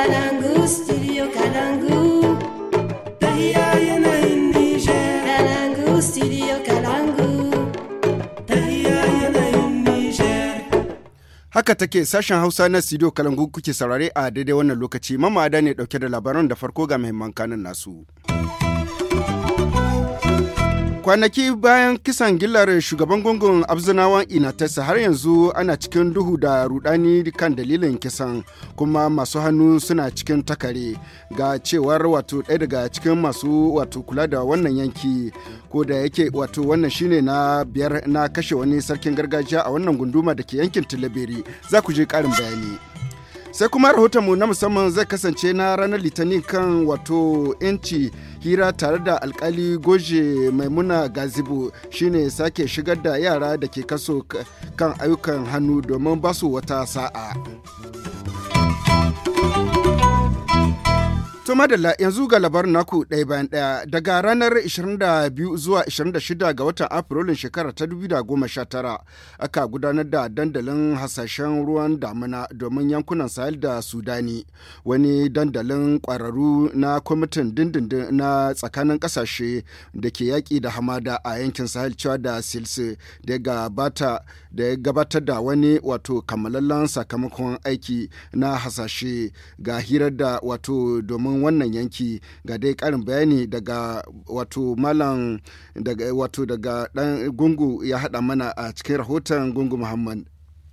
Kalangu, studio Kalangu. Tahiya yanayin Nijar. Kalangu, studio Kalangu. Tahiya yanayin Nijar. Haka take sashen Hausa na studio Kalangu kuke saurare a daidai wannan lokaci. Mamada ne dauke da labaran da farko ga mahimman kanin nasu. kwanaki bayan kisan gillar shugaban gungun abzinawan inatesa har yanzu ana cikin duhu da rudani kan dalilin kisan kuma masu hannu suna cikin takare ga cewar wato ɗaya daga cikin masu wato kula da wannan yanki ko da yake wato wannan shine na biyar na kashe wani sarkin gargajiya a wannan gunduma da ke yankin tilabiri za ku je ƙarin bayani sai kuma rahoton mu na musamman zai kasance na ranar litinin kan wato 'yanci hira tare da alkali goje maimuna gazibo shine sake shigar da yara da ke kaso kan ayyukan hannu domin basu wata sa'a. To madalla yanzu ga labarin naku ɗaya bayan ɗaya daga ranar 22 zuwa 26 ga watan Afrilun shekara ta 2019 aka gudanar da dandalin hasashen ruwan damuna domin yankunan Sahel da Sudani wani dandalin ƙwararru na kwamitin dindindin na tsakanin ƙasashe da ke yaƙi da hamada a yankin Sahel cewa da silsi da ya gabatar da wani wato kammalallen sakamakon aiki na hasashe ga hirar da wato domin wannan yanki ga dai karin bayani daga wato malam daga wato daga dan gungu ya hada mana a cikin rahoton gungu muhammad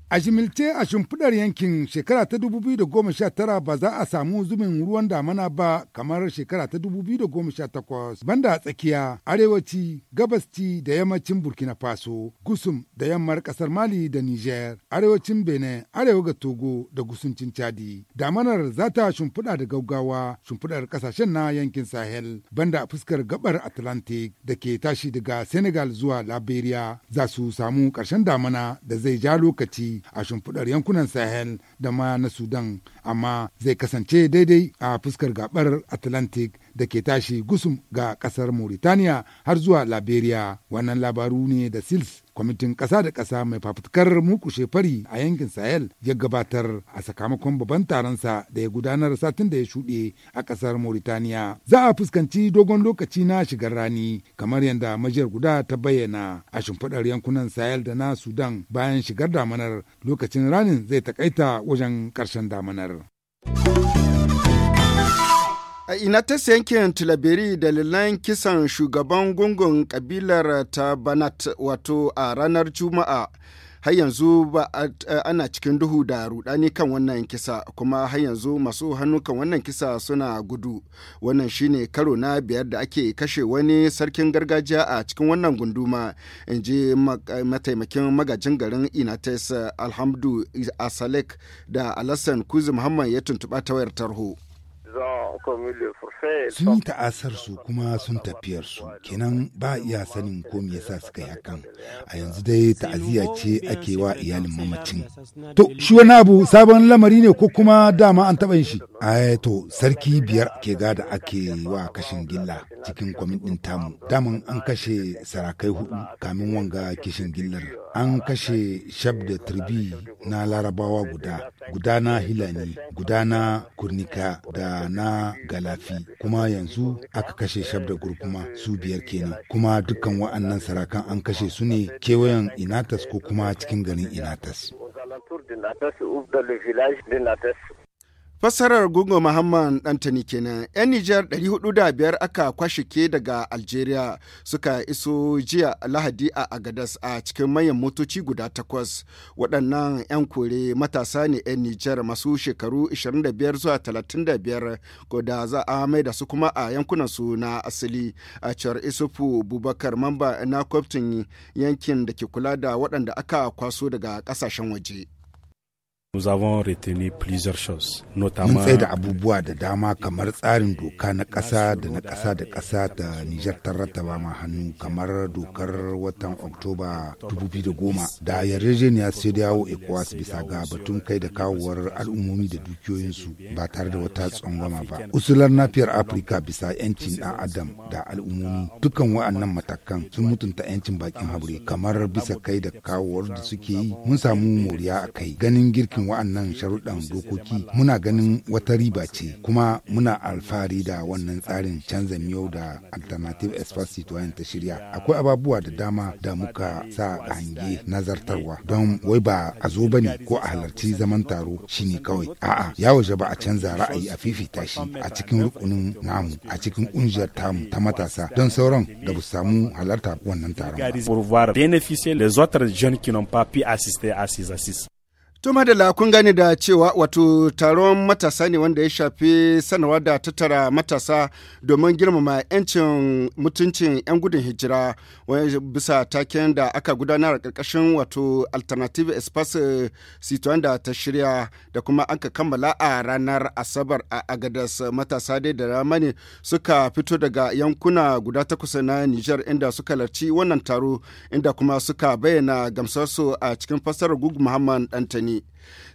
A jimilce a shimfiɗar yankin shekara ta 2019 ba za a samu zumin ruwan damana ba kamar shekara ta 2018 banda tsakiya, arewaci, gabasci da yammacin Burkina Faso, gusum da yammar ƙasar Mali da Niger, arewacin Benin, arewa ga Togo da gusuncin Chadi. Damanar za ta shimfiɗa da gaugawa shimfiɗar ƙasashen na yankin Sahel banda fuskar gabar Atlantic da ke tashi daga Senegal zuwa Liberia za su samu ƙarshen damana da zai ja lokaci a shimfiɗar yankunan sahel da ma na sudan amma zai kasance daidai a fuskar gabar atlantic da ke tashi gusum ga kasar mauritania har zuwa liberia wannan labaru ne da sils kwamitin ƙasa da ƙasa mai fafutukar mukushe fari a yankin sahel ya gabatar a sakamakon babban taronsa da ya gudanar satin da ya shuɗe a ƙasar mauritaniya za a fuskanci dogon lokaci na shigar rani kamar yadda majiyar guda ta bayyana a shimfiɗar yankunan sahel da na sudan bayan shigar damanar lokacin ranin zai takaita wajen ƙarshen damanar A ina ta yankin Tilaberi dalilan kisan shugaban gungun kabilar ta Banat wato a ranar Juma'a. har yanzu ba ana cikin duhu da rudani kan wannan kisa kuma har yanzu masu hannu kan wannan kisa suna gudu wannan shine karo na biyar da ake kashe wani sarkin gargajiya a cikin wannan gunduma in ji mataimakin magajin garin inates alhamdu asalek da alassan kuzi muhammad ya tuntuɓa ta wayar tarho sun yi ta'asar su kuma sun tafiyar su kenan ba iya sanin ko me yasa suka yi hakan a yanzu dai ta'aziyya ce ake wa iyalin mamacin to shi wani abu sabon lamari ne ko kuma dama an taɓa shi ai to sarki biyar ke gada ake wa kashin gilla cikin kwamin kwamitin tamu daman an kashe sarakai hudu kamin wanga kishin gillar an kashe shab da turbi na larabawa guda gudana na Hilani, guda Kurnika da na Galafi, kuma yanzu aka kashe Shabda Gurkuma su biyar kenan. Kuma dukkan wa'annan sarakan an kashe su ne kewayen Inatas ko kuma cikin garin Inatas. Fassarar Gungo Muhammad Dantani kenan, 'yan Nijar 405 aka kwashe ke daga Algeria suka iso jiya Lahadi a Agadas a cikin manyan motoci guda takwas. Waɗannan 'yan kore matasa ne 'yan Nijar masu shekaru 25 zuwa 35 da za a mai da su kuma a yankunan su na asali a cewar Isufu Bubakar mamba na kwaftin yankin da ke kula da waɗanda aka kwaso daga ƙasashen waje. Nous avons retenu plusieurs choses, notamment... Mun da abubuwa da dama kamar tsarin doka na ƙasa da na ƙasa da ƙasa ta Nijar ta ba ma hannu kamar dokar watan Oktoba 2010 da yarjejeniya sai da yawo ECOWAS bisa ga batun kai da kawowar al'ummomi da dukiyoyinsu ba tare da wata tsangwama ba. Usular nafiyar Afirka bisa 'yancin ɗan Adam da al'ummomi dukkan wa'annan matakan sun mutunta 'yancin bakin habre kamar bisa kai da kawowar da suke yi mun samu moriya a kai ganin girkin wa'annan sharuɗan dokoki muna ganin wata riba ce kuma muna alfahari da wannan tsarin canza miyau da alternative espace citoyen ta shirya akwai ababuwa da dama da muka sa a hange nazartarwa don wai ba a zo bane ko a halarci zaman taro shine kawai a'a ya waje ba a canza ra'ayi a fifita shi a cikin rukunin namu a cikin kungiyar tamu ta matasa don sauran da ba samu halarta wannan taron ba. To madalla kun gani da cewa wato taron matasa ne wanda ya shafi sanarwa da tattara matasa domin girmama 'yancin mutuncin 'yan gudun hijira bisa taken da aka gudanar a karkashin wato alternative espace situan eh, da ta shirya da kuma an ka kammala a ranar asabar a agadas matasa dai da rama ne suka fito daga yankuna guda takwas na niger inda suka larci wannan taro inda kuma suka bayyana gamsarsu a cikin fassarar Gugu Muhammad Dantani.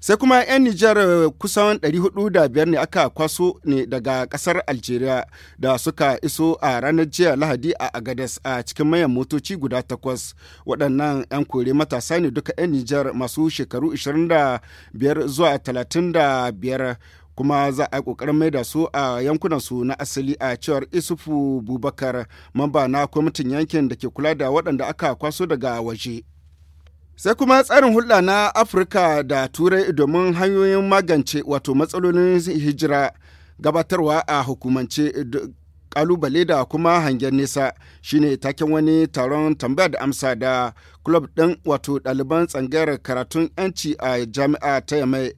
Sai kuma 'yan Nijar eh, kusan 405 ne aka kwaso ne daga kasar Algeria da suka iso a ranar jiya Lahadi a Agades a cikin mayan motoci guda takwas. Waɗannan 'yan kore matasa ne duka 'yan Nijar masu shekaru 25 zuwa 35 kuma za a yi mai maida su a yankunansu na asali a cewar isufu bubakar mamba na kwamitin yankin da ke kula da waɗanda aka kwaso daga waje Sai kuma tsarin hulɗa na Afirka da Turai domin hanyoyin magance wato matsalolin hijira gabatarwa a hukumance kalubale da kuma hangen nesa shine taken wani taron tambaya da amsa da club ɗin wato ɗaliban tsangayar karatun 'yanci a jami'a ta yamai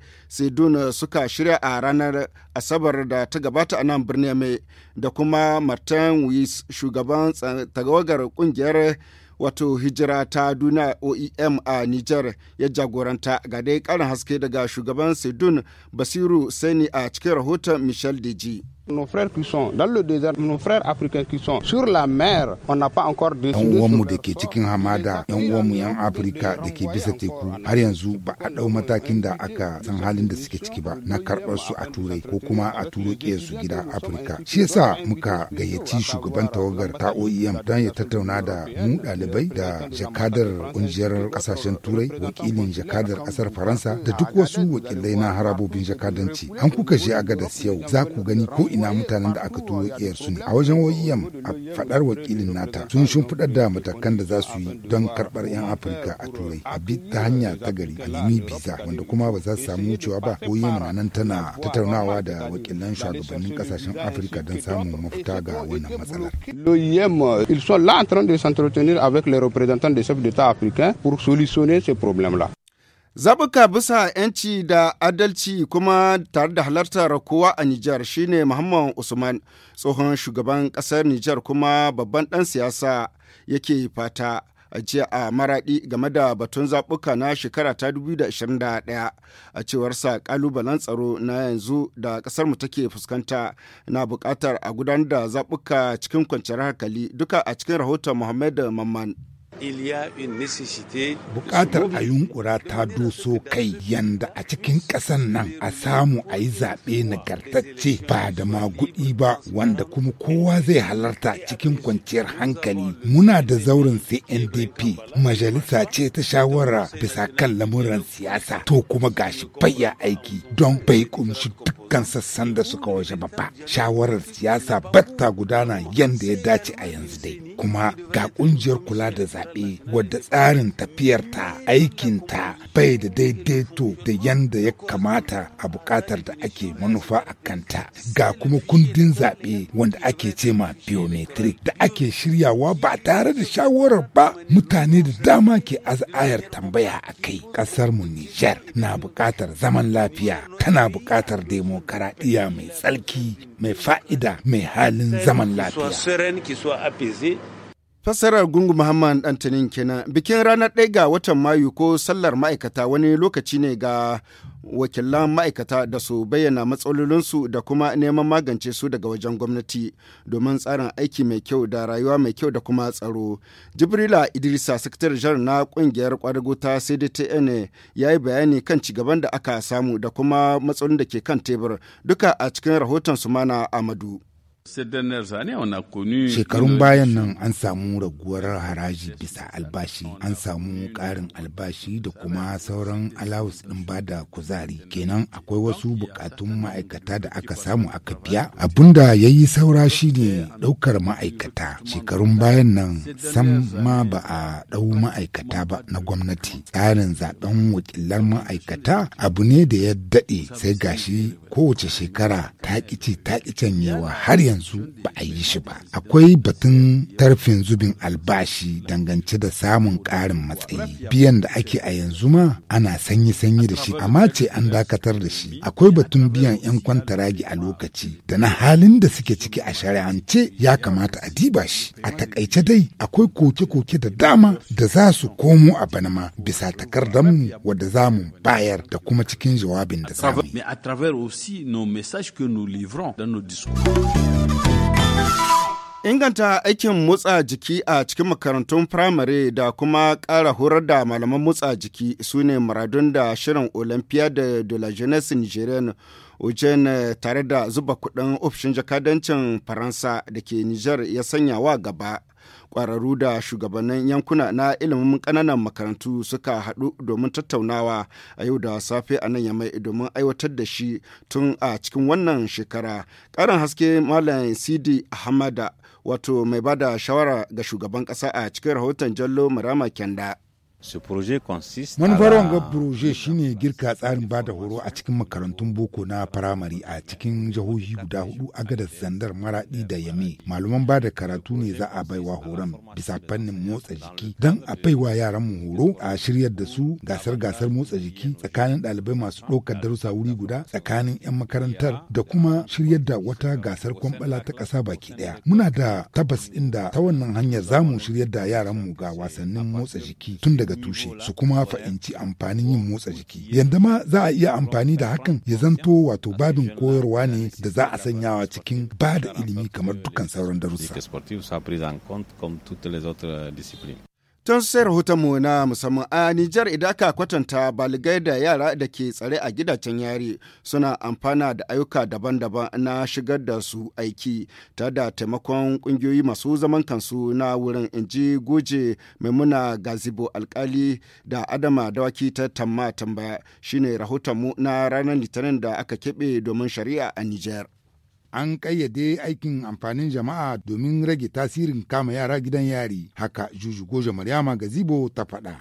duna suka shirya a ranar asabar da ta gabata a nan birnin yamai da kuma martin wiss shugaban tagawagar ƙungiyar wato hijira ta duna oem a niger ya jagoranta ga dai karin haske daga shugaban sedun basiru sani a cikin rahoton michel deji Nos frères qui sont dans le désert, nos frères africains qui sont sur la mer, on n'a pas encore de Yan uwanmu da ke cikin hamada, yan uwanmu yan Afirka da ke bisa teku, har yanzu ba a ɗau matakin da aka san halin da suke ciki ba na karɓar su a Turai ko kuma a turo su gida Afirka. Shi yasa muka gayyaci shugaban tawagar ta OEM don ya tattauna da mu ɗalibai da jakadar ƙungiyar ƙasashen Turai, wakilin jakadar ƙasar Faransa da duk wasu wakilai na harabobin jakadanci. An kuka je a gadas yau, za ku gani ko ina mutanen da aka turo kiyar su ne. A wajen wayyam a faɗar wakilin nata sun shimfiɗar da matakan da za su yi don karɓar 'yan Afirka a Turai. A bi ta hanya ta gari a nemi biza wanda kuma ba za su samu wucewa ba OEM na nan tana tattaunawa da wakilan shugabannin ƙasashen Afirka don samun mafita ga wannan matsalar. l'oyem ils sont là en train de s'entretenir avec les représentants des chefs d'État africains pour solutionner ce problème là Zabuka bisa 'yanci da adalci kuma tare da halartar kowa a Nijar shine Muhammad Usman tsohon shugaban ƙasar Nijar kuma babban ɗan siyasa yake fata a jiya a maraɗi game da batun zabuka na shekara ta 2021 a cewar sa ƙalubalen tsaro na yanzu da ƙasar mu take fuskanta na buƙatar a gudanar da zaɓuka cikin kwanciyar hankali duka a cikin rahoton Muhammad Mamman. Bukatar a yunkura ta doso kai yanda a cikin ƙasan nan a samu a yi zaɓe nagartacce ba da magudi ba wanda kuma kowa zai halarta cikin kwanciyar hankali. Muna da zauren CNDP majalisa ce ta shawara bisa kan lamuran siyasa to kuma gashi bayya aiki don bai kumshi dukkan sassan da suka waje ba. Shawarar siyasa batta gudana yanda ya dace a yanzu dai. kuma ga kungiyar kula da zaɓe wadda tsarin tafiyarta aikinta bai da daidaito da yanda ya kamata a buƙatar da ake manufa a kanta ga kuma kundin zaɓe wanda ake ce ma biometric da ake shiryawa ba tare da shawarar ba mutane da dama ke az'ayar tambaya a kai ƙasarmu Nijar na buƙatar zaman lafiya tana buƙatar demokaradiyya mai tsarki mai fa'ida mai halin zaman lafiya Fassarar Gungu Muhammad Dantanin kenan bikin ranar ɗaya ga watan Mayu ko sallar ma'aikata wani lokaci ne ga wakilan ma'aikata da su bayyana matsalolinsu da kuma neman magance su daga wajen gwamnati domin tsarin aiki mai kyau da rayuwa mai kyau da kuma tsaro. Jibrila Idrisa Sakitar Jar na ƙungiyar kwadago ta CDTN ya yi bayani kan ci gaban da aka samu da kuma matsalolin da ke kan tebur duka a cikin rahoton su mana Amadu. Shekarun bayan nan an samu raguwar haraji bisa albashi, an samu ƙarin albashi da kuma sauran alawus ɗin ba da kuzari. Kenan akwai wasu buƙatun ma'aikata da aka samu aka biya. Abinda da ya yi saura shi ne ɗaukar ma'aikata. Shekarun bayan nan sam ma ba a ɗau ma'aikata ba na gwamnati. Tsarin zaɓen wakilan ma'aikata abu ne da ya daɗe sai gashi kowace shekara ta ƙice ta ƙicen yawa har yanzu. yanzu ba a yi shi ba akwai batun tarfin zubin albashi dangance da samun ƙarin matsayi biyan da ake a yanzu ma ana sanyi-sanyi da shi amma ce an dakatar da shi akwai batun biyan 'yan ragi a lokaci da na halin da suke ciki a shari'ance ya kamata a diba shi a takaice dai akwai koke-koke da dama da za su komo a bana ma bisa mu wadda za mu bayar da kuma cikin jawabin da za mu yi. nos messages Inganta aikin motsa jiki a cikin makarantun firamare da kuma ƙara horar da malaman motsa jiki su ne muradun da shirin Olympiade de la Jeunesse Nigerian Ojen eh, tare da zuba kuɗin ofishin jakadancin Faransa da ke Nijar ya sanya wa gaba. Ƙwararru da shugabannin yankuna na ilimin ƙananan makarantu suka haɗu domin tattaunawa a yau da safe a nan ya mai domin aiwatar da shi tun a cikin wannan shekara. Ƙarin haske Malam Sidi Ahmada wato mai bada shawara ga shugaban ƙasa a cikin rahoton Jallo Murama Kyanda. manufar wanga proje shine girka tsarin bada horo a cikin makarantun boko na firamare a cikin jihohi guda hudu a zandar maradi da yame malaman bada karatu ne za a baiwa horon bisa fannin motsa jiki don a baiwa yaran mu horo a shiryar da su gasar gasar motsa jiki tsakanin ɗalibai masu ɗaukar darussa wuri guda tsakanin 'yan makarantar da kuma shiryar da wata gasar kwamɓala ta ƙasa baki ɗaya muna da tabbas inda ta wannan hanyar za mu shiryar da yaran mu ga wasannin motsa jiki tun daga da tushe su kuma fahimci amfanin yin motsa jiki yanda ma za a iya amfani da hakan ya zanto wato babin koyarwa ne da za a sanyawa cikin ba da ilimi kamar dukkan sauran darussa Tun sai mu na musamman a Nijar idan aka kwatanta baligai da yara da ke tsare a gidajen yari suna amfana da ayyuka daban-daban na shigar da su aiki ta da taimakon kungiyoyi masu zaman kansu na wurin inji goje maimuna gazibo alkali da adama dawaki ta tamma tambaya shine mu na ranar litinin da aka keɓe domin shari'a a Nijar. an ƙayyade aikin amfanin jama'a domin rage tasirin kama yara gidan yari haka juju goja maryama gazibo ta faɗa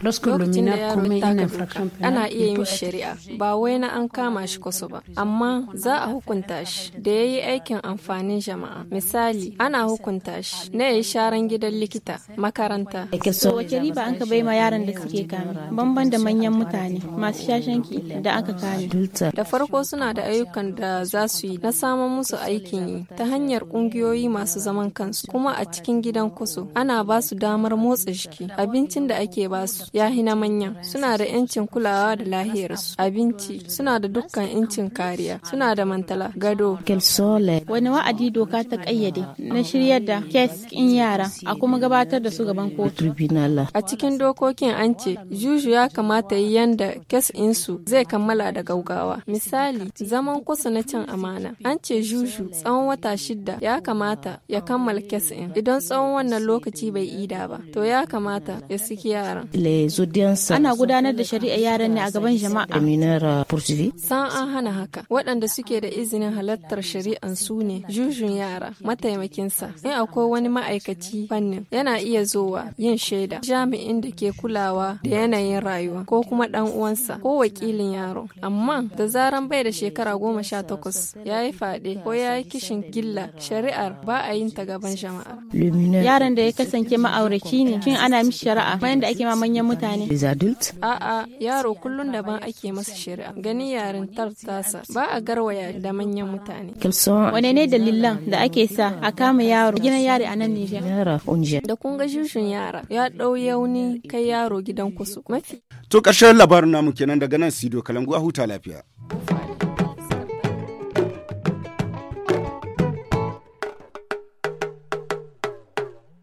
ana iya yin shari'a ba wai na an kama shi kwaso ba amma za a hukunta shi da ya yi aikin amfanin jama'a misali ana hukunta shi na ya yi sharan gidan likita makaranta wace riba an ka ma yaran da suke kame bamban da manyan mutane masu shashanki da aka kame da farko suna da ayyukan da za su yi na samun musu aiki kin yi ta hanyar ƙungiyoyi masu zaman kansu kuma a cikin gidan kuso ana ba su damar motsa jiki abincin da ake ba su ya hina manya suna da 'yancin kulawa da lahiyarsu abinci suna da dukkan 'yancin kariya suna da mantala gado wani wa'adi doka ta kayyade na shirya da kes in yara a kuma gabatar da su gaban kotu a cikin dokokin an ce juju ya kamata yi yanda kes insu zai kammala da gaugawa misali zaman kusa na cin amana an ce juju tsawon wata shida ya kamata ya kammala kes in idan tsawon wannan lokaci bai ida ba to ya kamata ya siki yaran ana gudanar da shari'a yaran ne a gaban jama'a euh, san an hana haka waɗanda suke da izinin halartar shari'an su ne jujun yara mataimakinsa in akwai wani ma'aikaci fannin yana iya zowa yin shaida jami'in da ke kulawa da yanayin rayuwa ko kuma dan uwansa ko wakilin yaro amma da zaran bai da shekara goma sha takwas ya yi faɗe ko ya yi kishin gilla shari'ar ba a yin ta gaban jama'a. Yaron da ya kasance ma'auraki ne shin ana mishi shari'a bayan da ake ma manyan mutane. A'a yaro kullum ban ake masa shari'a gani yaren tartasa ba a garwaya da manyan mutane. Wane ne dalilan da ake sa a kama yaro gidan yari a nan Nijar? Da kun ga shushin yara ya ɗau yauni kai yaro gidan kusu. To ƙarshen labarin namu kenan daga nan Sido Kalangu a huta lafiya.